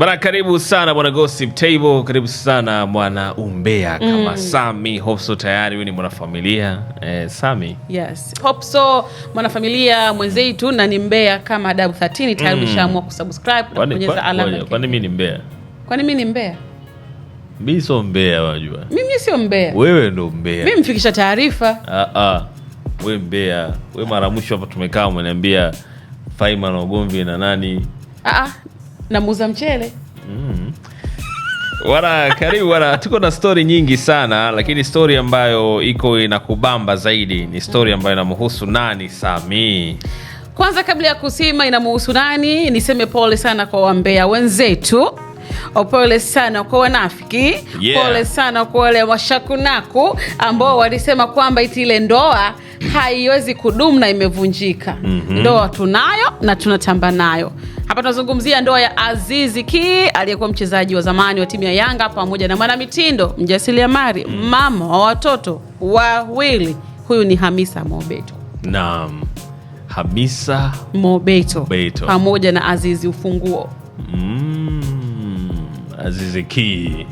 bana karibu sana bwana Gossip Table, karibu sana mwana umbea kama mm. Sami Hopso, tayari wewe ni mwanafamilia eh, Sami. Yes. Hopso mwanafamilia mwenzetu na ni mbea kama Adabu 13 tayari mm. umeshaamua mm. kusubscribe na kubonyeza alama. Kwani mimi ni mbea? Kwani mimi ni mbea? Mimi sio mbea wajua. Mimi sio mbea. Wewe ndo mbea. Mimi mfikisha taarifa. Ah ah. Wewe mbea. Wewe mara mwisho hapa tumekaa umeniambia Faima na ugomvi na nani? Ah ah muza mchele mm. karibu wana, tuko na stori nyingi sana lakini stori ambayo iko inakubamba zaidi ni stori ambayo inamhusu nani, Samii? Kwanza kabla ya kusema inamuhusu nani, niseme pole sana kwa wambea wenzetu, pole sana kwa wanafiki yeah. Pole sana kwa wale washakunaku ambao walisema kwamba iti ile ndoa haiwezi kudumu na imevunjika. mm -hmm. Ndoa tunayo na tunatamba nayo hapa. Tunazungumzia ndoa ya Azizi Ki aliyekuwa mchezaji wa zamani wa timu ya Yanga pamoja na mwanamitindo mjasiriamali, mm. mama wa watoto wawili. Huyu ni Hamisa Mobeto. Naam, Hamisa Mobeto pamoja na Azizi Ufunguo. mm. Azizi Ki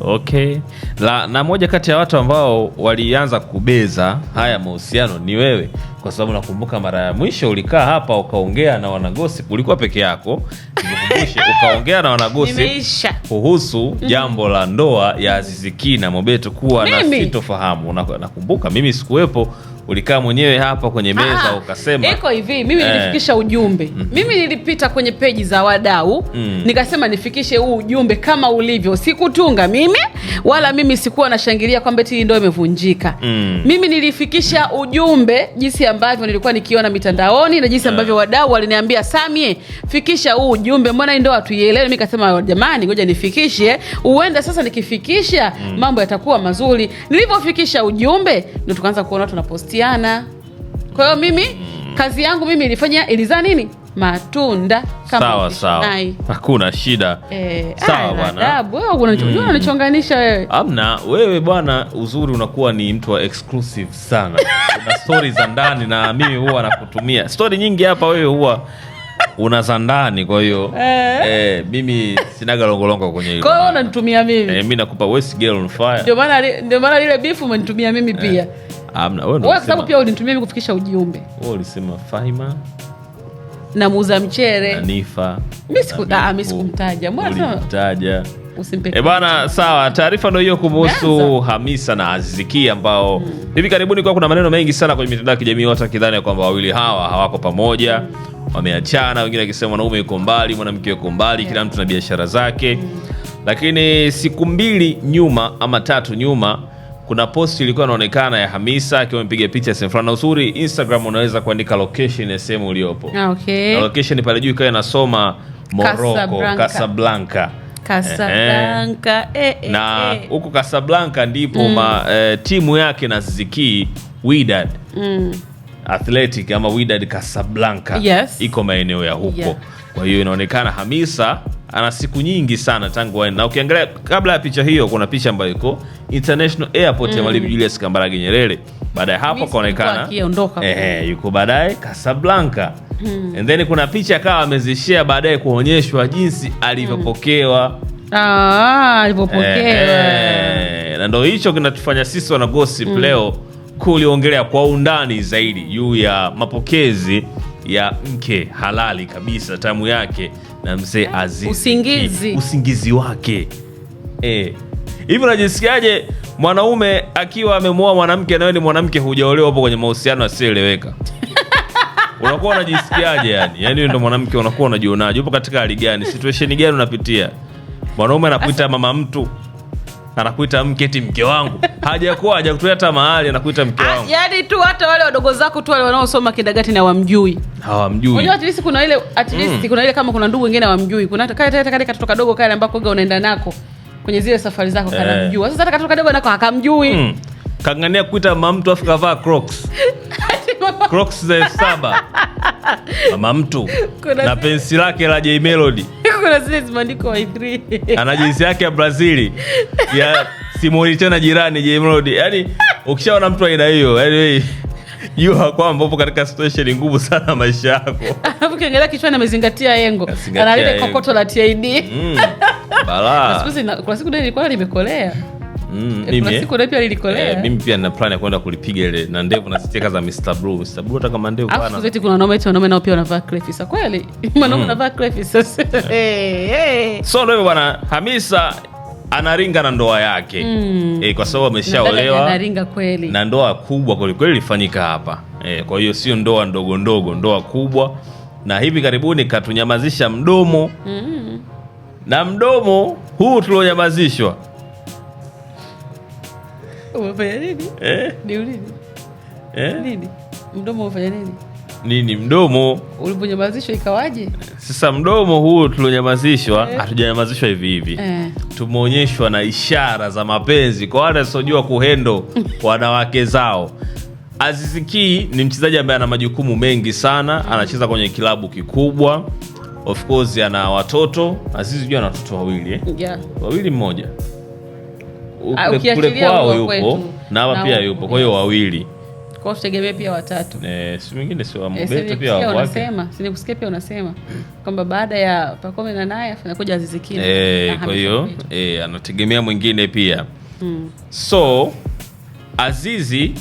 Okay. La, na moja kati ya watu ambao walianza kubeza haya mahusiano ni wewe, kwa sababu nakumbuka mara ya mwisho ulikaa hapa ukaongea na wanagosip, ulikuwa peke yako ukaongea na wanagosip kuhusu mm-hmm. jambo la ndoa ya Aziziki na Mobeto kuwa na sitofahamu. Nakumbuka mimi sikuwepo ulikaa mwenyewe hapa kwenye meza ukasema iko hivi, mimi eh. nilifikisha ujumbe mm. Mimi nilipita kwenye peji za wadau mm. Nikasema nifikishe huu ujumbe kama ulivyo, sikutunga mimi wala mimi sikuwa nashangilia kwamba eti ndio imevunjika mm. Mimi nilifikisha ujumbe jinsi ambavyo nilikuwa nikiona mitandaoni na jinsi eh. ambavyo wadau waliniambia, Samie, fikisha huu ujumbe, mbona ndio hatuielewi? Mimi kasema oh, jamani, ngoja nifikishe, huenda sasa nikifikisha mm. mambo yatakuwa mazuri. Nilivyofikisha ujumbe ndo tukaanza kuona watu tunaposti kuhusiana. Kwa hiyo mimi mm. kazi yangu mimi ilifanya ilizaa nini matunda kama sawa sawa, hakuna shida e, sawa ah, bwana, mm. wewe amna. Wewe bwana, uzuri unakuwa ni mtu wa exclusive sana una stori za ndani na mimi huwa nakutumia stori nyingi hapa, wewe huwa una za ndani, kwa hiyo eh, eh mimi sinaga longolongo kwenye hilo. Kwa hiyo unanitumia mimi eh, mimi nakupa West Girl on Fire. Ndio maana ndio maana lile bifu umenitumia mimi pia eh. Amna ah, wewe, kwa sababu pia ulinitumia mimi kufikisha ujumbe. Wewe ulisema Faima namuuza mchele Hanifa, mimi ah, sikumtaja E bwana, sawa. Taarifa ndo hiyo kumuhusu Hamisa na Aziziki ambao hmm. hivi hmm, karibuni kwa kuna maneno mengi sana kwenye mitandao ya kijamii, watu wakidhani kwamba wawili hawa hawako pamoja, wameachana, wengine wakisema mwanaume yuko mbali, mwanamke yuko mbali, yeah, kila mtu na biashara zake hmm. Lakini siku mbili nyuma ama tatu nyuma kuna post ilikuwa inaonekana ya Hamisa akiwa amepiga picha sehemu fulani, na uzuri Instagram unaweza kuandika location ya sehemu uliopo. Ah, okay. Na location pale juu ikawa inasoma Morocco, Casablanca. Casablanca. Eh, eh, eh. Na eh, eh. huko Casablanca ndipo mm. ma, eh, timu yake na Ziki Wydad mm. Athletic ama Wydad Casablanca yes. iko maeneo ya huko yeah. Kwa hiyo inaonekana Hamisa ana siku nyingi sana tangu waende, na ukiangalia kabla ya picha hiyo kuna picha ambayo iko International Airport mm. ya Mwalimu Julius Kambarage Nyerere. Baada hapo akaonekana eh, yuko baadaye Casablanca mm. and then kuna picha akawa amezishare baadaye kuonyeshwa jinsi alivyopokewa mm. ah, alivyopokewa eh, eh, na ndio hicho kinatufanya sisi wana gossip mm. leo kuliongelea kwa undani zaidi juu ya mapokezi ya mke halali kabisa tamu yake na mzee Azizi usingizi, usingizi wake eh. Hivi unajisikiaje mwanaume akiwa amemuoa mwanamke nawe ni mwanamke hujaolewa, hapo kwenye mahusiano asiyoeleweka? unakuwa unajisikiaje? Yani yani ndo mwanamke unakuwa unajionaje? Upo katika hali gani, situation gani unapitia? Mwanaume anakuita mama mtu anakuita mketi mke wangu, hajakuwa hajakutoa hata mahali, anakuita mke ah, wangu. Yani tu hata wale wadogo zako tu wale wanaosoma kindagati na wamjui, hawamjui. Unajua at least kuna ile at mm. least mm. kuna ile kama kuna ndugu wengine hawamjui, kuna hata kale kale katoto kadogo kale ambako unaenda nako kwenye zile safari zako eh, kanamjua. Sasa hata katoto kadogo nako hakamjui mm. kangania kuita mama mtu afika kavaa Crocs Crocs za elfu saba mama mtu na pensi lake la J Melody kuna zile zimeandikwa I Ana jinsi yake ya Brazili ya simuli tena jirani Jemrod. yani ukishaona mtu aina hiyo, yaani jua kwamba upo katika stesheni ngumu sana maisha yako. Alafu kiongelea kichwani amezingatia engo analile kokoto la TID. Mm, balaa. Kuna siku ndio ilikuwa limekolea. Mm, e, mimi, siku eh, mimi pia nina plan ya kwenda kulipiga ile na ndevu na steka za Mr. Blue. Mr. Blue hata kama ndevu bana. Afu kuna wanaume tu wanaume nao pia wanavaa crepe sasa Kweli? Wanaume wanavaa mm. crepe sasa. Eh, eh. So leo bwana Hamisa anaringa na ndoa yake. Mm. Eh, kwa sababu ameshaolewa. Anaringa kweli. Na ndoa kubwa kweli kweli ilifanyika hapa. Eh, kwa hiyo sio ndoa ndogo ndogo, ndoa kubwa. Na hivi karibuni katunyamazisha mdomo. Mm. Na mdomo huu tulionyamazishwa umefanya nini? Eh? Niulini eh? Nini mdomo umefanya nini? Nini mdomo ikawaje? Sasa mdomo huo tulionyamazishwa, eh? hatujanyamazishwa eh, hivi hivi eh, tumeonyeshwa na ishara za mapenzi kwa wale wasiojua kuhendo wanawake zao. azizikii ni mchezaji ambaye ana majukumu mengi sana, anacheza kwenye kilabu kikubwa, of course ana watoto. Azizi jua ana watoto wawili eh? Yeah. wawili mmoja Ah, kule kwao yupo na hapa pia yupo, kwa hiyo wawili kwa tutegemee pia watatu eh, si mwingine si wa Amobet eh, pia wa kwake. unasema, si nikusikia pia unasema kwamba baada ya Pacome na naye anakuja Aziz Ki eh, ah, kwa hiyo eh, anategemea mwingine pia hmm. So Azizi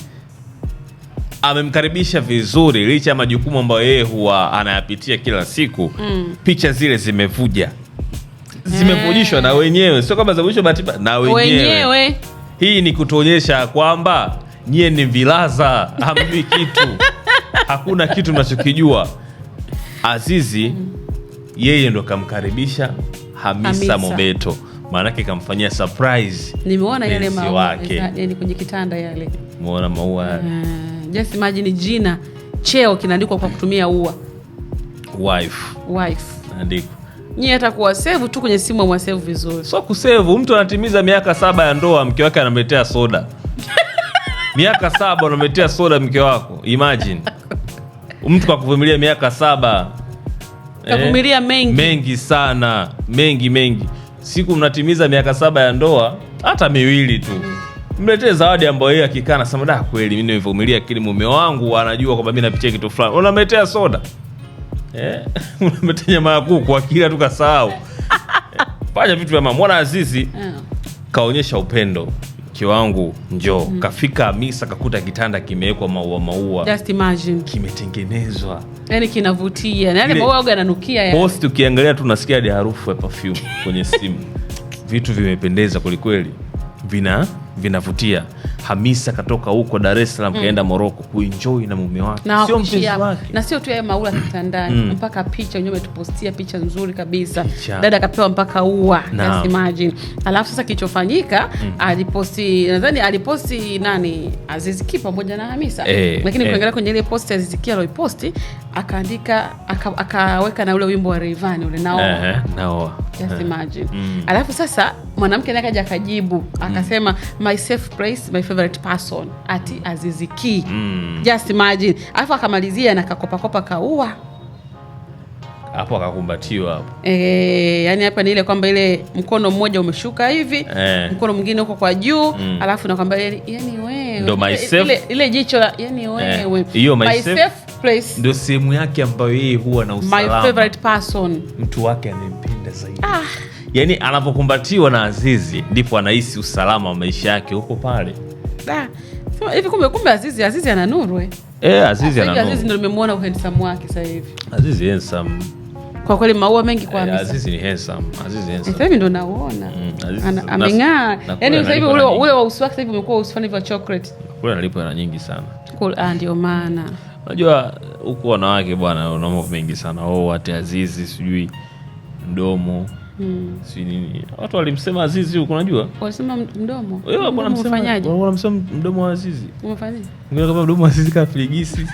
amemkaribisha vizuri licha ya majukumu ambayo yeye huwa anayapitia kila siku hmm. Picha zile zimevuja zimevujishwa na wenyewe, sio kwamba zavujishwa bahati mbaya na wenyewe. wenyewe. Hii ni kutuonyesha kwamba nyie ni vilaza, hamjui kitu hakuna kitu mnachokijua. Azizi yeye ndo kamkaribisha Hamisa, Hamisa. Mobeto maanake kamfanyia surprise. Nimeona yale maua yani kwenye kitanda yale, umeona maua yale. Uh, just imagine jina cheo kinaandikwa kwa kutumia ua wife wife, andiko Nyie hata kuwasevu tu kwenye simu amwasevu vizuri. So kusevu, mtu anatimiza miaka saba ya ndoa, mke wake anamletea soda miaka saba unamletea soda mke wako, imagine mtu kwa kuvumilia miaka saba kavumilia eh, mengi mengi sana, mengi mengi. Siku mnatimiza miaka saba ya ndoa, hata miwili tu, mletee zawadi ambayo yeye akikaa anasema da, kweli mimi nimevumilia, lakini mume wangu anajua kwamba mimi napitia kitu fulani, unamletea soda. Eh? unapata nyama ya kuku akila tukasahau. Fanya vitu vya mama. Mwana Azizi eh. kaonyesha upendo kiwangu njoo. Mm. Kafika misa kakuta kitanda kimewekwa maua maua, just imagine, kimetengenezwa yani kinavutia, yani maua yananukia yani. Post ukiangalia tu unasikia hadi harufu ya perfume kwenye simu vitu vimependeza kwelikweli, vina vinavutia. Hamisa katoka huko Dar es Salaam mm. kaenda Moroko kuenjoy na mume wake, sio mpenzi wake, na sio tu yeye maula kitandani mm. mpaka picha wenyewe umetupostia picha nzuri kabisa picha. Dada akapewa mpaka ua just imagine. Alafu sasa kilichofanyika mm. aliposti, nadhani aliposti nani Aziz pamoja na Hamisa eh, lakini eh. kuangalia kwenye ile posti Aziz Ki aliposti akaandika aka, na ule wimbo wa Rayvanny ule nao uh-huh. nao just eh. imagine mm. alafu sasa mwanamke naye akaja akajibu mm. akasema mm. my safe place my favorite person ati Azizi Ki mm. Just imagine, alafu akamalizia na kakopakopa kaua hapo akakumbatiwa hapo e, yani hapa ni ile kwamba ile mkono mmoja umeshuka hivi e, mkono mwingine uko kwa juu mm. Alafu nakwambia yani wewe ndo myself ile, ile jicho la yani eh. wewe hiyo myself place ndio sehemu yake ambayo yeye huwa na usalama, my favorite person, mtu wake anempenda zaidi ah. Yani anapokumbatiwa na Azizi ndipo anahisi usalama wa maisha yake huko pale da hivi kumbe kumbe Azizi Azizi ana nuru eh. Eh, Azizi ana nuru. Azizi ndio nimemwona uhandsome wake sasa hivi. Azizi handsome. Kwa kweli maua mengi kwa eh, Hamisa. Azizi ni handsome. Azizi handsome. Eh, sasa hivi naona. Mm, ameng'aa. Yaani sasa hivi ule ule wa uso wake sasa hivi umekuwa uso fulani wa chocolate. Kule nyingi sana. Cool, ah ndio maana. Unajua huko wanawake bwana, una mambo mengi sana. Oh, Azizi sijui mdomo Mm. Si nini? Watu walimsema Azizi huko unajua? Walisema mdomo. Wewe bwana msemaje? Wanamsema mdomo wa Azizi. Umefanya nini? Ngoja kama mdomo wa Azizi kama filigisi.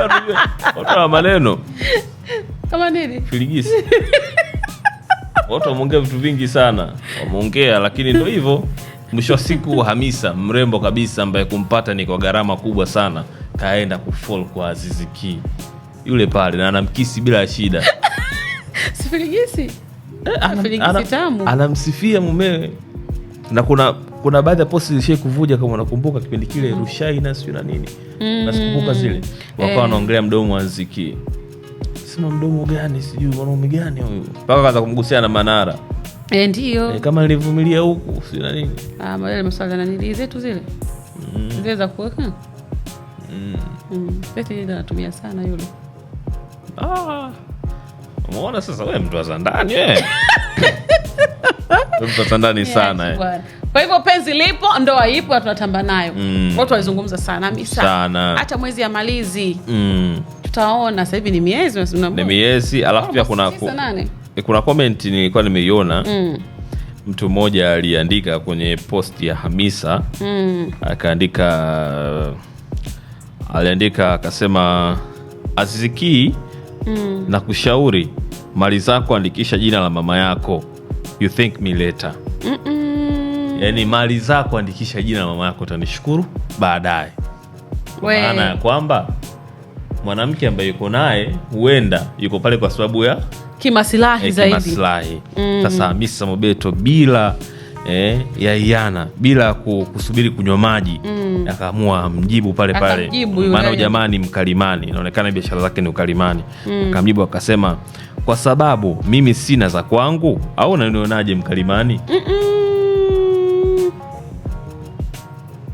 Watu wa maneno. Kama nini? Filigisi. Watu wameongea vitu vingi sana. Wameongea lakini ndio hivyo. Mwisho wa siku Hamisa mrembo kabisa ambaye kumpata ni kwa gharama kubwa sana kaenda kufall kwa Azizi Ki. Yule pale na anamkisi bila shida. Sifiligisi. Eh, anamsifia mumewe na kuna kuna baadhi ya posti zilishai kuvuja kama unakumbuka kipindi kile mm. Rushaina sijui na nini mm. nasikumbuka zile wakawa eh. wanaongelea eh. mdomo wa ziki sema mdomo gani sijui mwanaume gani huyu, mpaka kaza kumgusia na Manara e, ndio e, kama nilivumilia huku siu na nini ah, maswala nanili zetu zile mm. zile za kuweka mm. mm. anatumia sana yule ah. Umeona sasa, we mtu wa ndani Mtu ndani sana eh. Kwa hivyo penzi lipo, ndoa ipo, tunatamba nayo mm. Watu walizungumza sana sana, hata mwezi ya malizi mm. Tutaona sasa hivi ni miezi ni miezi, alafu pia kuna eh, kuna comment nilikuwa nimeiona mm. Mtu mmoja aliandika kwenye posti ya Hamisa mm. Akaandika, aliandika akasema Azizikii mm. na kushauri mali zako, andikisha jina la mama yako, you think me later mm -mm. Yani mali zako andikisha jina la mama yako, utanishukuru baadaye, maana ya kwamba mwanamke ambaye yuko naye huenda yuko pale kwa sababu ya kimasilahi eh, zaidi. Mm. Sasa Hamisa Mobeto bila eh, ya iana bila kusubiri kunywa maji mm. Akaamua mjibu pale pale, maana ujamaa ni mkalimani, inaonekana biashara zake ni ukalimani mm. Akamjibu akasema, kwa sababu mimi sina za kwangu, au nanionaje mkalimani? mm -mm.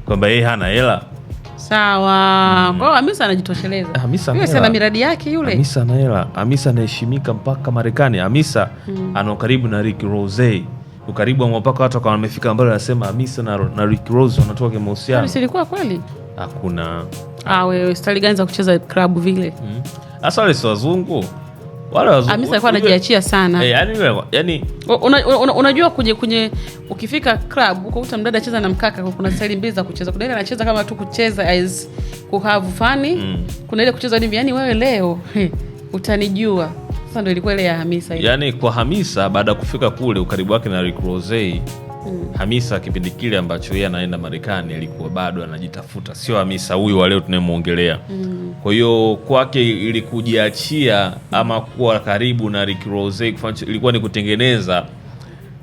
Kwamba yeye hana hela Sawa. Mm. Kwa Hamisa anajitosheleza. Ah, Hamisa yule sana miradi yake yule. Hamisa anaela. Hamisa anaheshimika mpaka Marekani. Hamisa mm. ana karibu na Rick Rose ukaribu wa mwapaka watu akawa amefika ambalo anasema Hamisa na, na Rick Rose wanatoka kwa mahusiano. ilikuwa kweli hakuna ah, wewe stali gani za kucheza klabu vile hmm. hasa Asa wale si wazungu wale wazungu Hamisa alikuwa anajiachia sana eh, yani, yani... unajua una, una kwenye kwenye ukifika klabu ukakuta mdada acheza na mkaka, kuna stali mbili za kucheza. Kuna ile anacheza kama tu kucheza as kuhave fun mm. kuna ile kucheza hivi yani, wewe leo utanijua sasa ndio ilikuwa ile ya Hamisa. Yaani kwa Hamisa baada ya kufika kule ukaribu wake na Rick Rose Hmm. Hamisa kipindi kile ambacho yeye anaenda Marekani alikuwa bado anajitafuta, sio Hamisa huyu wa leo tunayemwongelea. hmm. Kwa hiyo kwake ili kujiachia ama kuwa karibu na Rick Rose ilikuwa ni kutengeneza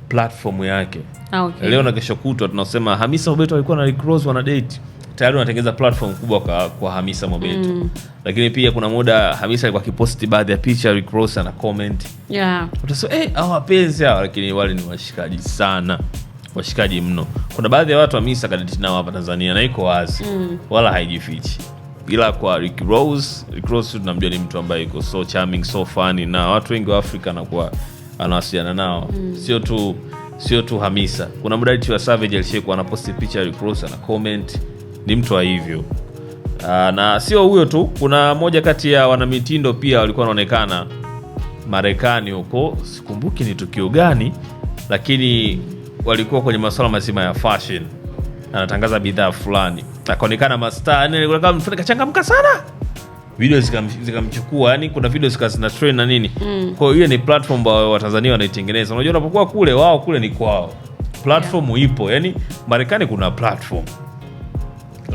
platform yake. Ah, okay. Leo na kesho kutwa tunasema Hamisa Obeto alikuwa na Rick Rose wana date tayari unatengeneza platform kubwa kwa, kwa Hamisa Mobeto mm. Lakini pia kuna muda Hamisa alikuwa akiposti baadhi ya picha Rick Ross ana comment yeah. Utasema eh, hao wapenzi hao, lakini wale ni washikaji sana, washikaji mno. Kuna baadhi ya watu Hamisa kadeti nao hapa Tanzania na iko wazi mm. wala haijifichi ila kwa Rick Ross, Rick Ross tunamjua ni mtu ambaye yuko so charming, so funny na watu wengi wa Afrika anakuwa anawasiliana nao mm. sio tu sio tu Hamisa. Kuna mdaditi wa Savage alishekuwa anaposti picha ya Rick Ross ana comment ni mtu wa hivyo. Aa, ah, na sio huyo tu, kuna moja kati ya wanamitindo pia walikuwa wanaonekana Marekani huko, sikumbuki ni tukio gani, lakini walikuwa kwenye masuala mazima ya fashion, anatangaza bidhaa fulani, akaonekana mastaa yani alikuwa kama mfanya kachangamka sana, video zikamchukua, zika, yani kuna video zika zina trend na nini. mm. Kwa hiyo ni platform ambayo Watanzania wanaitengeneza. Unajua, unapokuwa kule, wao kule ni kwao, platform ipo, yani Marekani kuna platform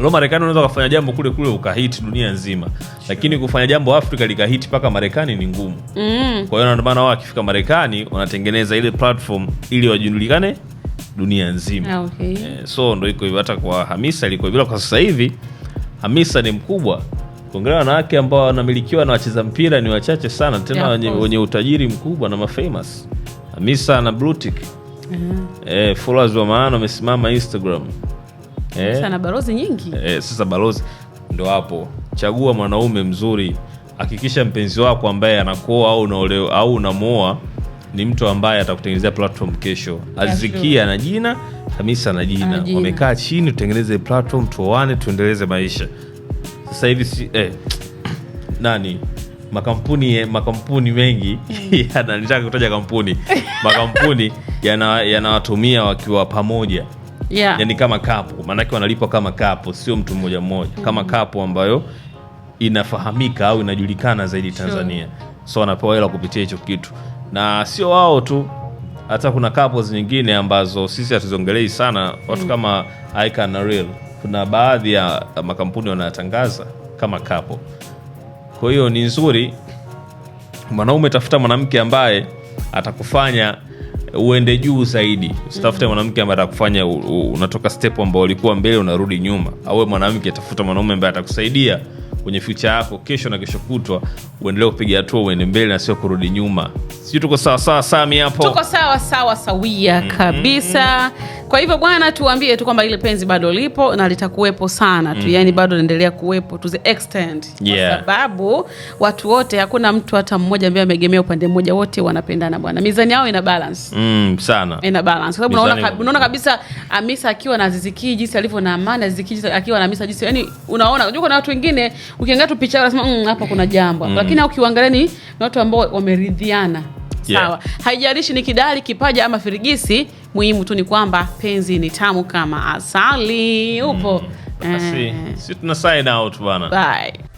Lo, Marekani unaweza kufanya jambo kule kule ukahiti dunia nzima, lakini kufanya jambo Afrika likahiti mpaka Marekani ni ngumu mm. Kwa hiyo ndio maana wao wakifika Marekani wanatengeneza ile platform ili wajulikane dunia nzima ah, okay. Eh, so ndo iko hivyo, hata kwa Hamisa ilikuwa hivyo. Kwa sasa hivi Hamisa ni mkubwa, kuongelea wanawake ambao wanamilikiwa na wacheza mpira ni wachache sana, tena wenye utajiri mkubwa na mafamous. Hamisa na Bluetick mm. Uh-huh. Eh, followers wa maana wamesimama Instagram eh, na balozi nyingi eh. Sasa balozi ndo hapo, chagua mwanaume mzuri, hakikisha mpenzi wako ambaye anakuoa au unaolewa au unamuoa ni mtu ambaye atakutengenezea platform kesho. azikia na jina, Hamisa na jina, wamekaa chini, tutengeneze platform, tuoane, tuendeleze maisha. Sasa hivi si, eh, nani makampuni eh, makampuni mengi yanataka kutaja kampuni makampuni yanawatumia yana wakiwa pamoja yeah. Yani kama kapu, maanake wanalipwa kama kapu, sio mtu mmoja mmoja mm. Kama kapu ambayo inafahamika au inajulikana zaidi Tanzania sure. So wanapewa hela kupitia hicho kitu, na sio wao tu, hata kuna couples nyingine ambazo sisi hatuziongelei sana watu mm. kama Aika na Real, kuna baadhi ya makampuni wanayatangaza kama kapo Kwa hiyo ni nzuri mwanaume, tafuta mwanamke ambaye atakufanya uende juu zaidi usitafute mwanamke ambaye atakufanya unatoka step ambao ulikuwa mbele unarudi nyuma awe mwanamke tafuta mwanaume ambaye atakusaidia kwenye fyucha yako kesho na kesho kutwa uendelee kupiga hatua uende mbele na sio kurudi nyuma sijui tuko sawa sawa Sami hapo, tuko sawa sawa sawia mhm. kabisa. Kwa hivyo bwana, tuambie tu kwamba ile penzi bado lipo na litakuwepo sana tu mhm. Yani bado naendelea kuwepo to the extent yeah. Kwa sababu watu wote, hakuna mtu hata mmoja ambaye ameegemea upande mmoja, wote wanapendana bwana, mizani yao ina balance mm, sana ina balance, kwa sababu unaona kabisa Amisa akiwa na Aziziki jinsi alivyo na amani, Aziziki akiwa na Amisa jinsi, yani unaona, unajua kuna watu wengine ukiangalia tu picha unasema mm, hapa kuna jambo mm. Lakini ukiangalia ni watu ambao wameridhiana yeah. Sawa, haijalishi ni kidali kipaja ama firigisi, muhimu tu ni kwamba penzi ni tamu kama asali. Upo mm. Eh. Si tuna sign out bana. Bye.